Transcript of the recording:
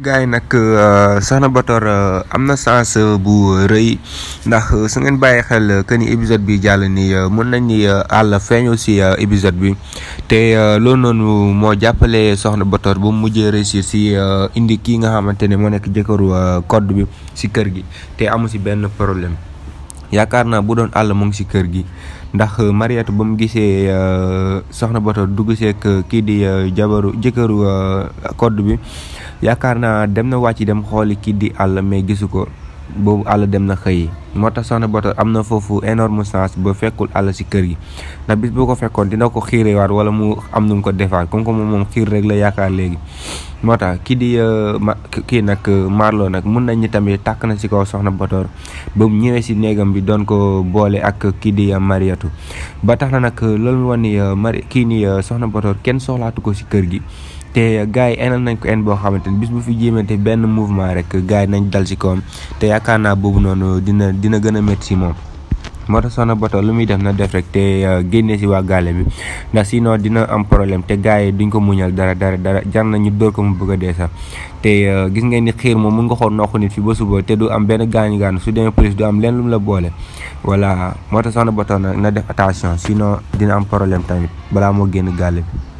gaay nag euh, Soxna Bator euh, am na sens bu rëy ndax euh, su ngeen bàyyi xel que ni épisode bi jàll ni mën nañ ni àll feeñu si épisode bi te loolu noonu moo jàppale Soxna Bator ba mu mujjee réussir si indi kii nga xamante ne moo nekk jëkkëru code bi si kër gi te amu si benn problème yaakaar naa bu doon àll mu ngi si kër gi ndax euh, Mariette ba mu gisee euh, soxna Bator dugg seek euh, kii di jabaru jëkkëru code bi yaakaar naa dem na wàcc dem xooli kii di àll mais gisu ko boobu àll dem na xëy moo tax soxna Bator am na foofu énorme chance ba fekkul àll si kër gi ndax bis bu ko fekkoon dina ko waat wala mu am nu mu ko defaat comme que moom moom xiir rek la yaakaar léegi. motax ki di eh, ki nak eh, marlo nak mën nañ tamit tak na ci kaw soxna botor bam ñëwé ci négam bi don ko boole ak eh, ki di mariatu ba tax na nak lool woni ki ni soxna botor kenn soxlaatu ko ci kër gi te gaay enal nañ ko en bo xamanteni bis bu fi jéemente benn mouvement rek gaay nañ dal ci kawam te yaakaar naa boobu dina dina gën a ci moo tax Soxna Bator lu muy def na def rek te euh, génne si waa gaale bi ndax sinon dina am problème te gars yi duñ ko muñal dara dara dara jar na ñu dóor ko mu bëgg a dee sax te euh, gis nga ni xiir moom mun nga xool noq nit fi ba suba te du am benn gaañu gaañu su demee police du am leen lu mu la boole voilà moo tax Soxna Bator nag na def attention sinon dina am problème tamit balaa moo génn gaale bi